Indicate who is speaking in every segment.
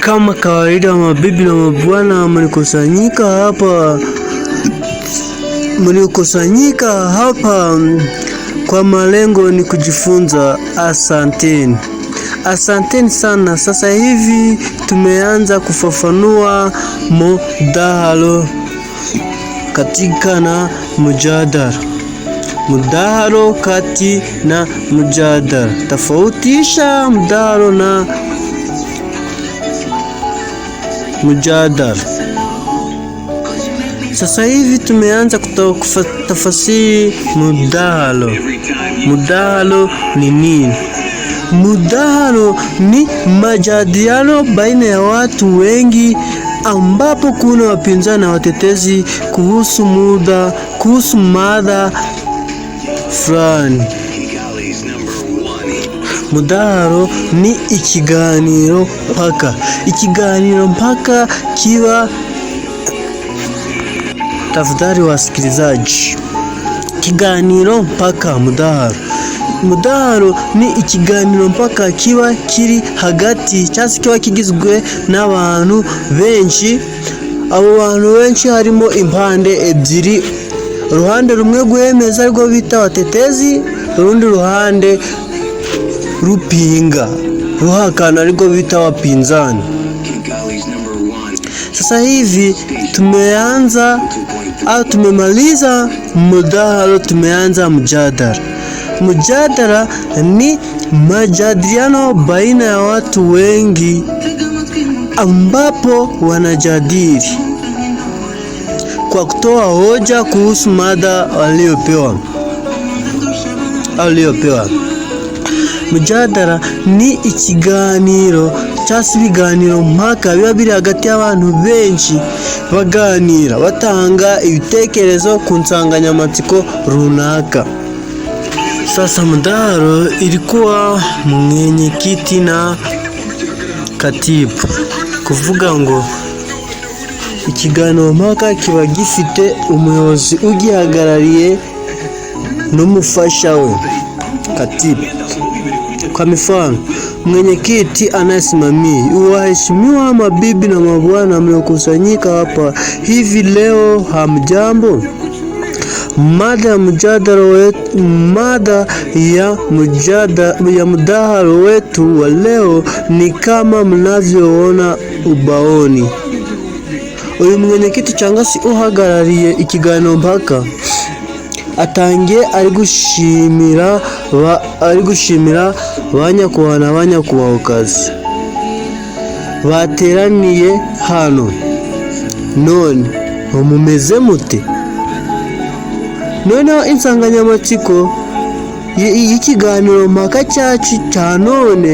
Speaker 1: Kama kawaida, mabibi na mabwana mlikusanyika hapa, mlikusanyika hapa kwa malengo ni kujifunza. Asanteni, asanteni sana. Sasa hivi tumeanza kufafanua mudahalo katika na mujadala, mudahalo kati na mujadala. Tofautisha mudahalo na mujadala. Sasa hivi tumeanza kutafasiri mudahalo. Mudahalo ni nini? Mudahalo ni majadiliano baina ya watu wengi ambapo kuna wapinzani na watetezi kuhusu muda, kuhusu mada fulani. mudaro ni ikiganiro mpaka ikiganiro mpaka kiba tafadhali wasikilizaji kiganiro mpaka mudaharo mudaro ni ikiganiro mpaka kiba kiri hagati cyangwa se kiba kigizwe n'abantu benshi abo bantu benshi harimo impande ebyiri uruhande rumwe guhemeza ariko bita abatetezi urundi ruhande Rupinga ruhakana ariko bita wapinzani. Sasa hivi tumeanza au tumemaliza mdahalo, tumeanza mjadala. Mjadala ni majadiliano baina ya watu wengi ambapo wanajadili kwa kutoa hoja kuhusu mada waliopewa waliopewa. mujadara ni ikiganiro cyangwa se ibiganiro mpaka biba biri hagati y'abantu benshi baganira batanga ibitekerezo ku nsanganyamatsiko runaka. Sasa mdahalo ilikuwa mwenyekiti na katibu kuvuga ngo ikiganiro mpaka kiba gifite umuyobozi ugihagarariye n'umufasha we katibu kwa mifano, mwenyekiti anayesimamia, waheshimiwa mabibi na mabwana mliokusanyika hapa hivi leo, hamjambo. Mada ya mjadala wetu, mada ya mjadala ya mdahalo wetu wa leo ni kama mnavyoona ubaoni. Uyu mwenyekiti cyangwa si uhagarariye ikiganiro mpaka atangiye ari gushimira ari gushimira ba nyakubahwa na ba nyakubahwakazi bateraniye hano none mumeze mute noneho insanganyamatsiko y'ikiganiro mpaka cyacu cya none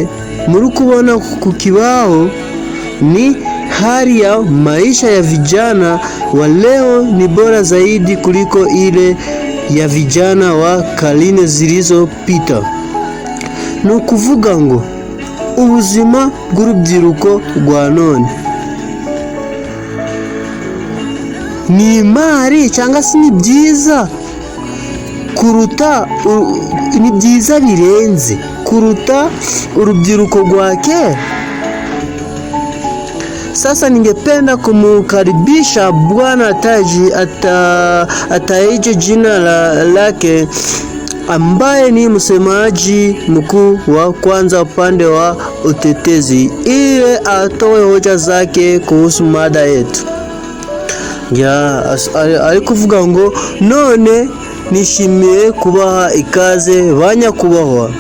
Speaker 1: muri kubona ku kibaho ni hali ya maisha ya vijana wa leo ni bora zaidi kuliko ile ya vijana wa karine zilizopita ni ukuvuga ngo ubuzima bw'urubyiruko rwa none ni imari cyangwa se ni byiza kuruta ni byiza birenze kuruta urubyiruko rwa kera Sasa ningependa kumkaribisha Bwana Taji ata, ataije jina la, lake ambaye ni msemaji mkuu wa kwanza upande wa utetezi ili atoe hoja zake kuhusu mada yetu ya alikuvuga ngo none nishimiye kubaha ikaze banyakubahwa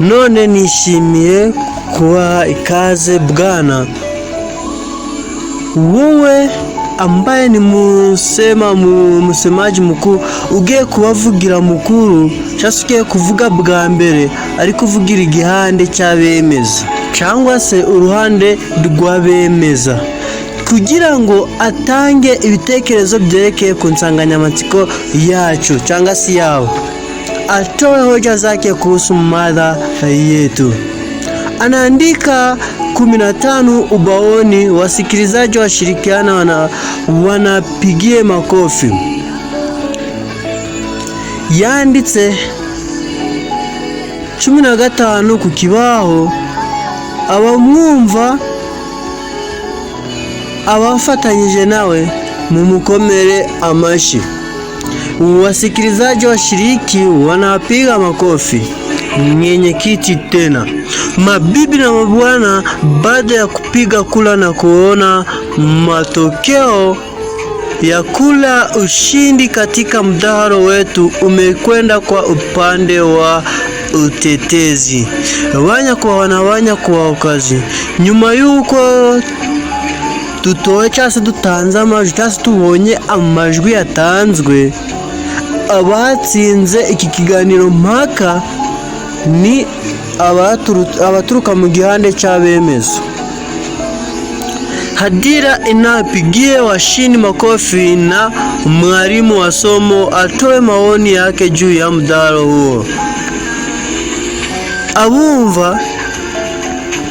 Speaker 1: none nishimiye kubaha ikaze bwana wowe ambaye ni musema musemaji mukuru ugiye kubavugira mukuru cyangwa se ugiye kuvuga bwa mbere ari kuvugira igihande cy'abemeza cyangwa se uruhande rw'abemeza kugira ngo atange ibitekerezo byerekeye ku nsanganyamatsiko yacu cyangwa se yabo atoe hoja zake kuhusu mada yetu. Anaandika 15 ubaoni. Wasikilizaji washirikiana, wana wanapigie makofi. Yanditse 15 ku kibaho. Abamwumva abafatanyije nawe mumukomere amashi. Wasikilizaji washiriki wanapiga makofi kiti tena. Mabibi na mabwana, baada ya kupiga kula na kuona matokeo ya kula, ushindi katika mdahalo wetu umekwenda kwa upande wa utetezi. Wanya kwa wanawanya kwa ukazi nyuma yuko tutoe chasi tutanze amajwi cyangwa tubonye amajwi yatanzwe abatsinze iki kiganiro mpaka ni abaturuka mu gihande cy'abemezo hadira inapigie washini makofi na mwalimu wa somo atoe maoni yake juu ya mdahalo huo. Abumva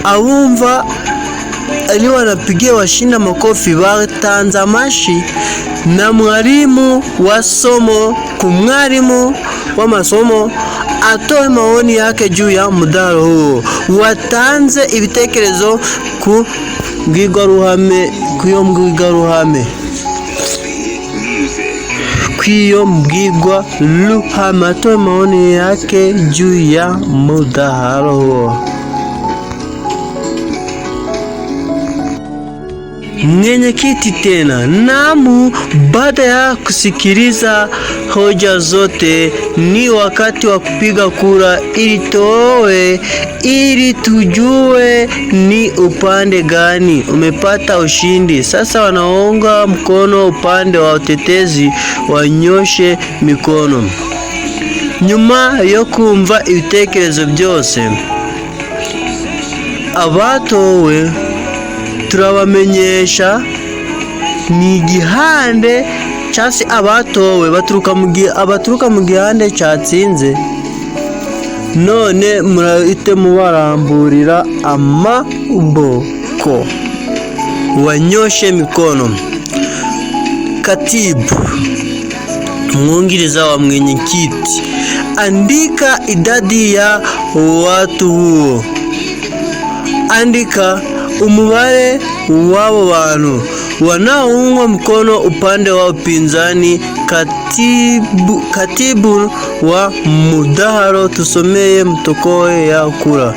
Speaker 1: abumva aliwanapigia washinda makofi batanze amashi na mwalimu wa somo kumwalimu wa masomo atoe maoni yake juu ya mudaro huo. Watanze ibitekerezo ku mbwirwaruhame kuyo mbwirwaruhame kwiyo mbwirwa ruhame atoe maoni yake juu ya mudaro huo. mwenyekiti tena. Namu, baada ya kusikiliza hoja zote, ni wakati wa kupiga kura ili toe, ili tujue ni upande gani umepata ushindi. Sasa wanaunga mkono upande wa utetezi wanyoshe mikono. Nyuma yo kumva ibitekerezo byose abatowe turabamenyesha ni igihande cyangwa se abatowe baturuka mu gihande cyatsinze none murahite mubaramburira amaboko wanyoshe mikono katibu mwungiliza wa mwenyekiti andika idadi ya watu huo andika umubare w'abo bantu wanaungwa mkono upande wa upinzani katibu, katibu wa mudaharo tusomeye mtokoe ya kura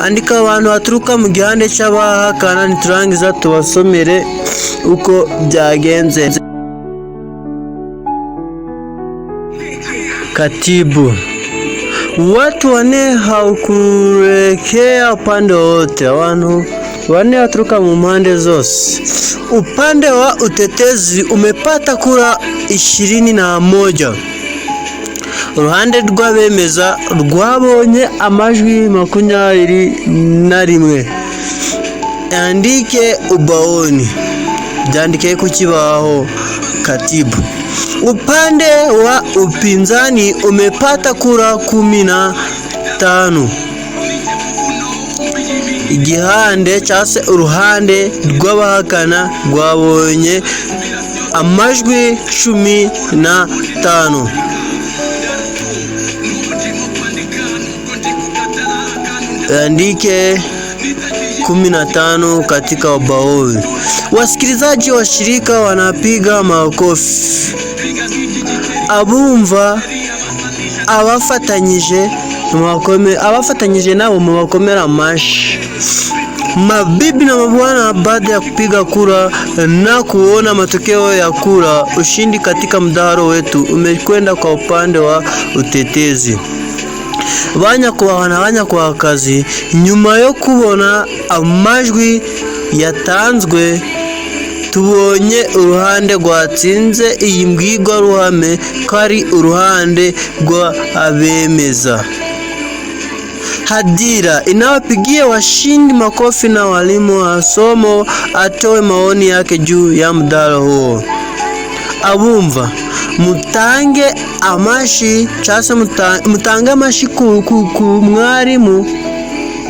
Speaker 1: andika abantu baturuka mu gihande cy'abahakana niturangiza tubasomere uko byagenze katibu watu wanne haukurekea upande wote, wanu wanne waturuka mu mpande zose. Upande wa utetezi umepata kura ishirini na moja uruhande rw'abemeza rwabonye amajwi makumyabiri na rimwe. yandike ubaoni, byandike ku kibaho katibu. Upande wa upinzani umepata kura kumi na tano. Igihande cyangwa se uruhande rw'abahakana rwabonye amajwi cumi na tanu. Andike kumi na tano katika ubaoni. Wasikilizaji wa shirika wanapiga makofi. Abumva abafatanyije mwakome abafatanyije nabo mubakomera mashi. Mabibi na mabwana, baada ya kupiga kura na kuona matokeo ya kura, ushindi katika mdahalo wetu umekwenda kwa upande wa utetezi banyakubahwa na nyuma yo kubona amajwi yatanzwe tubonye uruhande rwatsinze iyi mbwirwaruhame ko ari uruhande rw'abemeza hadira inawapigia washindi makofi na walimu wa somo atoe maoni yake juu ya mdalo huo abumva mutange amashi cyangwa mutange amashi ku mwarimu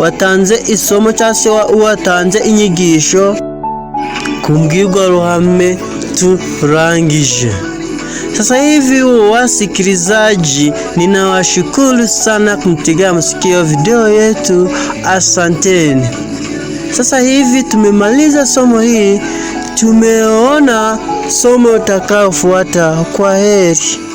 Speaker 1: watanze isomo cyangwa se watanze inyigisho ku mbwirwaruhame turangije. Sasa hivi wasikilizaji, ninawashukuru sana kumtegea masikio video yetu, asanteni. Sasa hivi tumemaliza somo hii tumeona somo utakaofuata. Kwa heri.